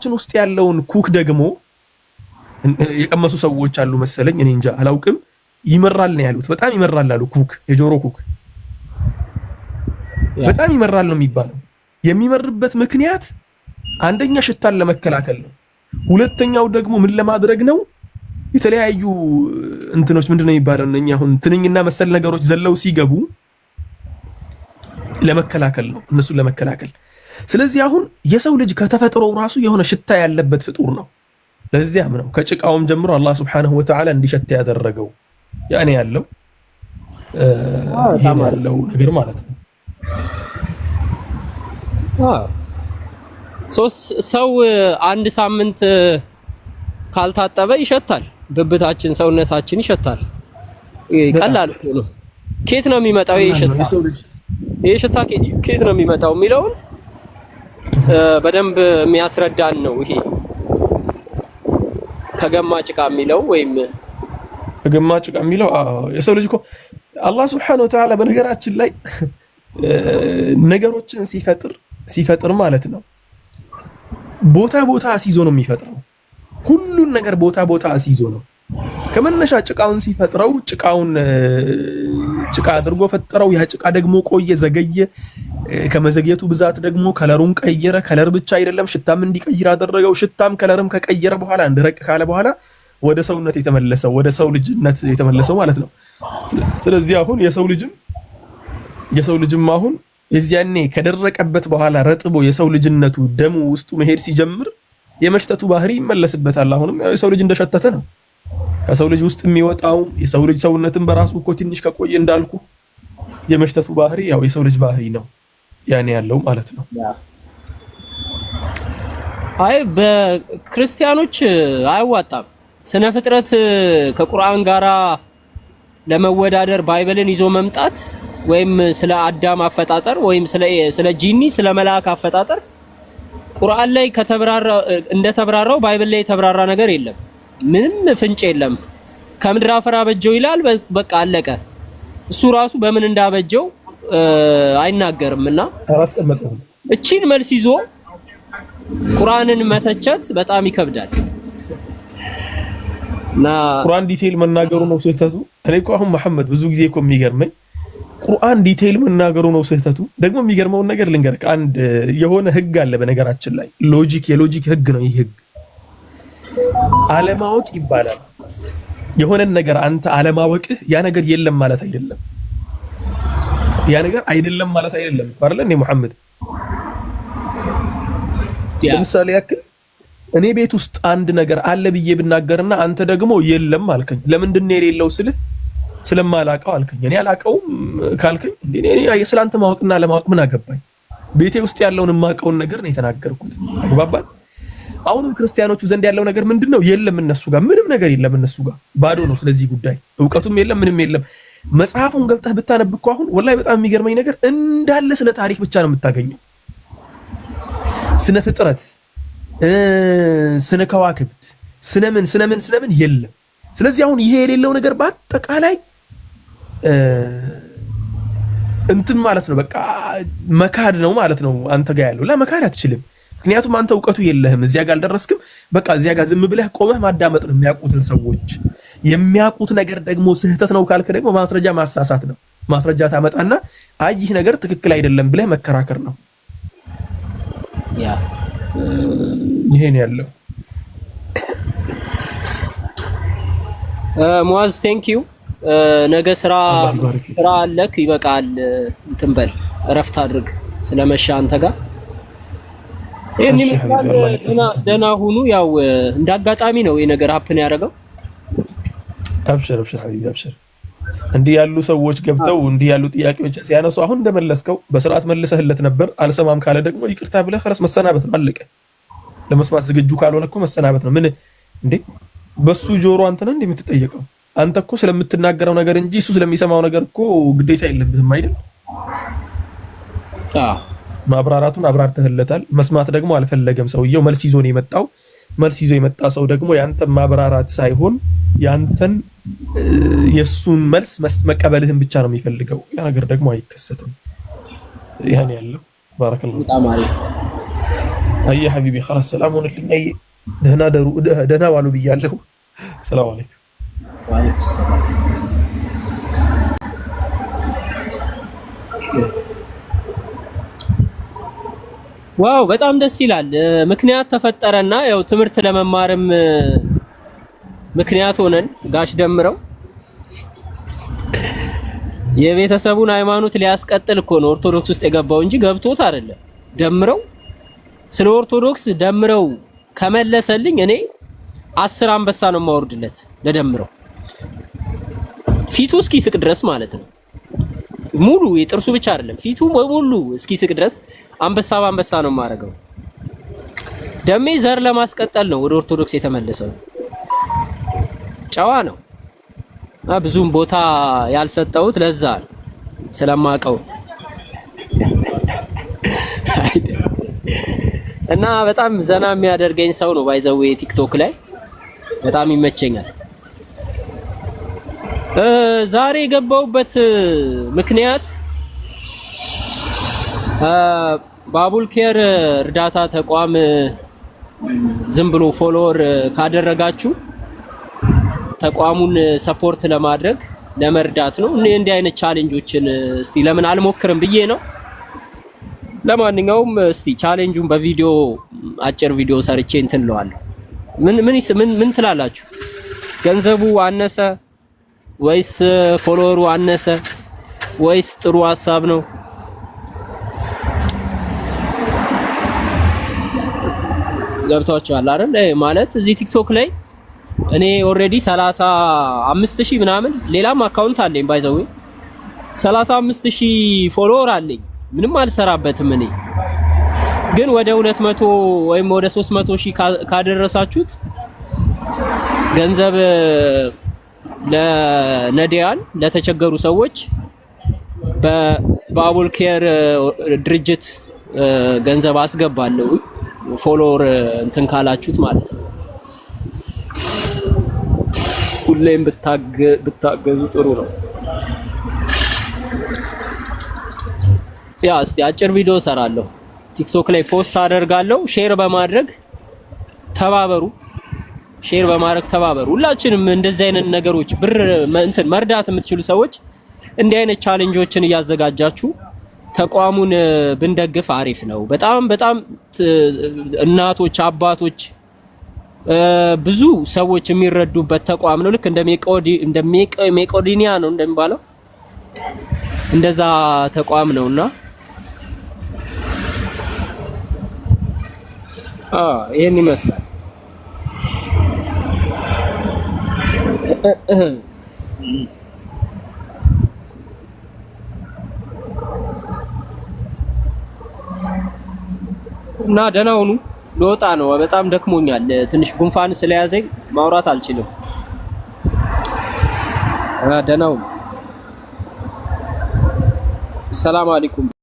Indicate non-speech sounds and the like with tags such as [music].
ሀገራችን ውስጥ ያለውን ኩክ ደግሞ የቀመሱ ሰዎች አሉ መሰለኝ፣ እኔ እንጃ አላውቅም። ይመራል ነው ያሉት። በጣም ይመራል አሉ። ኩክ የጆሮ ኩክ በጣም ይመራል ነው የሚባለው። የሚመርበት ምክንያት አንደኛ ሽታን ለመከላከል ነው። ሁለተኛው ደግሞ ምን ለማድረግ ነው? የተለያዩ እንትኖች ምንድነው የሚባለው እኛ አሁን ትንኝና መሰል ነገሮች ዘለው ሲገቡ ለመከላከል ነው፣ እነሱን ለመከላከል ስለዚህ አሁን የሰው ልጅ ከተፈጥሮው ራሱ የሆነ ሽታ ያለበት ፍጡር ነው። ለዚያም ነው ከጭቃውም ጀምሮ አላህ ሱብሓነሁ ወተዓላ እንዲሸት ያደረገው ያኔ ያለው ይሄን ያለው ነገር ማለት ነው። ሰው አንድ ሳምንት ካልታጠበ ይሸታል። ብብታችን፣ ሰውነታችን ይሸታል። ቀላል ነው። ኬት ነው የሚመጣው? ይሄ ሽታ ኬት ነው የሚመጣው የሚለውን [laughs] በደንብ የሚያስረዳን ነው። ይሄ ከገማ ጭቃ የሚለው ወይም ከገማ ጭቃ የሚለው የሰው ልጅ እኮ አላህ ስብሐነሁ ወተዓላ በነገራችን ላይ ነገሮችን ሲፈጥር ሲፈጥር ማለት ነው ቦታ ቦታ አስይዞ ነው የሚፈጥረው። ሁሉን ነገር ቦታ ቦታ አስይዞ ነው። ከመነሻ ጭቃውን ሲፈጥረው ጭቃውን ጭቃ አድርጎ ፈጠረው። ያ ጭቃ ደግሞ ቆየ፣ ዘገየ ከመዘግየቱ ብዛት ደግሞ ከለሩን ቀየረ። ከለር ብቻ አይደለም ሽታም እንዲቀይር አደረገው። ሽታም ከለርም ከቀየረ በኋላ እንደረቅ ካለ በኋላ ወደ ሰውነት የተመለሰው ወደ ሰው ልጅነት የተመለሰው ማለት ነው። ስለዚህ አሁን የሰው ልጅም የሰው ልጅም አሁን የዚያኔ ከደረቀበት በኋላ ረጥቦ የሰው ልጅነቱ ደሙ ውስጡ መሄድ ሲጀምር የመሽተቱ ባህሪ ይመለስበታል። አሁንም የሰው ልጅ እንደሸተተ ነው ከሰው ልጅ ውስጥ የሚወጣው የሰው ልጅ ሰውነትን በራሱ እኮ ትንሽ ከቆየ እንዳልኩ የመሽተቱ ባህሪ ያው የሰው ልጅ ባህሪ ነው። ያኔ ያለው ማለት ነው። አይ በክርስቲያኖች አያዋጣም። ስነ ፍጥረት ከቁርአን ጋራ ለመወዳደር ባይብልን ይዞ መምጣት ወይም ስለ አዳም አፈጣጠር ወይም ስለ ጂኒ ስለ መልአክ አፈጣጠር ቁርአን ላይ ከተብራራ እንደተብራራው ባይብል ላይ የተብራራ ነገር የለም። ምንም ፍንጭ የለም። ከምድር አፈር አበጀው ይላል። በቃ አለቀ። እሱ ራሱ በምን እንዳበጀው አይናገርም እና አላስቀመጠም። እቺን መልስ ይዞ ቁርአንን መተቸት በጣም ይከብዳል። እና ቁርአን ዲቴይል መናገሩ ነው ስህተቱ። እኔ እኮ አሁን መሐመድ ብዙ ጊዜ እኮ የሚገርመኝ ቁርአን ዲቴይል መናገሩ ነው ስህተቱ። ደግሞ የሚገርመውን ነገር ልንገርህ፣ አንድ የሆነ ህግ አለ በነገራችን ላይ ሎጂክ፣ የሎጂክ ህግ ነው ይህ ህግ። አለማወቅ ይባላል የሆነን ነገር አንተ አለማወቅህ ያ ነገር የለም ማለት አይደለም። ያ ነገር አይደለም ማለት አይደለም አይደለ እንዴ መሐመድ? ለምሳሌ ያክል እኔ ቤት ውስጥ አንድ ነገር አለ ብዬ ብናገርና አንተ ደግሞ የለም አልከኝ። ለምንድን ነው የሌለው ስልህ ስለማላቀው አልከኝ። እኔ አላቀውም ካልከኝ እኔ ስለአንተ ማወቅና ለማወቅ ምን አገባኝ? ቤቴ ውስጥ ያለውን የማቀውን ነገር ነው የተናገርኩት። ተግባባል። አሁንም ክርስቲያኖቹ ዘንድ ያለው ነገር ምንድን ነው? የለም እነሱ ጋር ምንም ነገር የለም። እነሱ ጋር ባዶ ነው። ስለዚህ ጉዳይ እውቀቱም የለም ምንም የለም። መጽሐፉን ገልጠህ ብታነብኩ አሁን ወላሂ በጣም የሚገርመኝ ነገር እንዳለ ስለ ታሪክ ብቻ ነው የምታገኘው። ስነ ፍጥረት፣ ስነ ከዋክብት፣ ስነምን ስነምን ስለምን የለም። ስለዚህ አሁን ይሄ የሌለው ነገር በአጠቃላይ እንትን ማለት ነው፣ በቃ መካድ ነው ማለት ነው። አንተ ጋር ያለው ላ መካድ አትችልም። ምክንያቱም አንተ እውቀቱ የለህም፣ እዚያ ጋር አልደረስክም። በቃ እዚያ ጋር ዝም ብለህ ቆመህ ማዳመጥ ነው የሚያውቁትን ሰዎች የሚያውቁት ነገር ደግሞ ስህተት ነው ካልክ ደግሞ ማስረጃ ማሳሳት ነው። ማስረጃ ታመጣና አይ ይህ ነገር ትክክል አይደለም ብለህ መከራከር ነው። ይሄን ያለው ሙአዝ ቴንክ ዩ። ነገ ስራ ስራ አለክ፣ ይበቃል። እንትን በል እረፍት አድርግ። ስለመሻ አንተ ጋር ይህን ይመስላል። ደህና ሁኑ። ያው እንደ አጋጣሚ ነው ይሄ ነገር ሀፕን ያደረገው። አብሽር አብሽር ሐቢቢ አብሽር። እንዲህ ያሉ ሰዎች ገብተው እንዲህ ያሉ ጥያቄዎች ሲያነሱ አሁን እንደመለስከው በስርዓት መልሰህለት ነበር። አልሰማም ካለ ደግሞ ይቅርታ ብለህ ከረስ መሰናበት ነው አለቀ። ለመስማት ዝግጁ ካልሆነ እኮ መሰናበት ነው። ምን እንዴ በሱ ጆሮ አንተ ነህ እንደምትጠየቀው? አንተ እኮ ስለምትናገረው ነገር እንጂ እሱ ስለሚሰማው ነገር እኮ ግዴታ የለብህም አይደል? ማብራራቱን አብራርተህለታል። መስማት ደግሞ አልፈለገም ሰውየው። መልስ ይዞ ነው የመጣው። መልስ ይዞ የመጣ ሰው ደግሞ የአንተ ማብራራት ሳይሆን ያንተን የእሱን መልስ መቀበልህን ብቻ ነው የሚፈልገው። ያ ነገር ደግሞ አይከሰትም። ይህን ያለው ባረከላ አየ ሀቢቢ ላስ ሰላም ሆንልኝ። አየ ደህና ደሩ ደህና ዋሉ ብያለሁ። ሰላም አለይኩም ዋው፣ በጣም ደስ ይላል። ምክንያት ተፈጠረና ያው ትምህርት ለመማርም ምክንያት ሆነን ጋሽ ደምረው የቤተሰቡን ሃይማኖት ሊያስቀጥል እኮ ነው ኦርቶዶክስ ውስጥ የገባው እንጂ ገብቶት አይደለም። ደምረው ስለ ኦርቶዶክስ ደምረው ከመለሰልኝ እኔ አስር አንበሳ ነው የማወርድለት ለደምረው ፊቱ ስቅ ድረስ ማለት ነው። ሙሉ የጥርሱ ብቻ አይደለም ፊቱ በሙሉ እስኪ ድረስ አንበሳ በአንበሳ ነው የማደርገው። ደሜ ዘር ለማስቀጠል ነው ወደ ኦርቶዶክስ የተመለሰው። ጨዋ ነው። ብዙም ቦታ ያልሰጠሁት ለዛ ነው እና በጣም ዘና የሚያደርገኝ ሰው ነው። ባይዘው ቲክቶክ ላይ በጣም ይመቸኛል። ዛሬ የገባሁበት ምክንያት ባቡል ኬር እርዳታ ተቋም ዝም ብሎ ፎሎወር ካደረጋችሁ ተቋሙን ሰፖርት ለማድረግ ለመርዳት ነው። እኔ እንዲህ አይነት ቻሌንጆችን እስቲ ለምን አልሞክርም ብዬ ነው። ለማንኛውም እስቲ ቻሌንጁን በቪዲዮ አጭር ቪዲዮ ሰርቼ እንትን እለዋለሁ። ምን ምን ምን ምን ትላላችሁ? ገንዘቡ አነሰ ወይስ ፎሎወሩ አነሰ ወይስ ጥሩ ሀሳብ ነው? ገብቷቸዋል አይደል? ማለት እዚህ ቲክቶክ ላይ እኔ ኦልሬዲ 35000 ምናምን ሌላም አካውንት አለኝ ባይ ባይዘው 35000 ፎሎወር አለኝ። ምንም አልሰራበትም። እኔ ግን ወደ 200 ወይም ወደ 300 ሺህ ካደረሳችሁት ገንዘብ ለነዲያን ለተቸገሩ ሰዎች በባቡል ኬር ድርጅት ገንዘብ አስገባለሁ ፎሎወር እንትን ካላችሁት ማለት ነው። ሁሌም ብታገዙ ጥሩ ነው። ያ እስቲ አጭር ቪዲዮ ሰራለሁ፣ ቲክቶክ ላይ ፖስት አደርጋለሁ። ሼር በማድረግ ተባበሩ፣ ሼር በማድረግ ተባበሩ። ሁላችንም እንደዚህ አይነት ነገሮች ብር እንትን መርዳት የምትችሉ ሰዎች እንዲህ አይነት ቻሌንጆችን እያዘጋጃችሁ ተቋሙን ብንደግፍ አሪፍ ነው። በጣም በጣም እናቶች አባቶች ብዙ ሰዎች የሚረዱበት ተቋም ነው። ልክ እንደ ሜቆዲኒያ ነው እንደሚባለው እንደዛ ተቋም ነውና ይሄን ይመስላል። እና ደህና ሁኑ። ለወጣ ነው። በጣም ደክሞኛል። ትንሽ ጉንፋን ስለያዘኝ ማውራት አልችልም። ደህና ሰላም አለይኩም።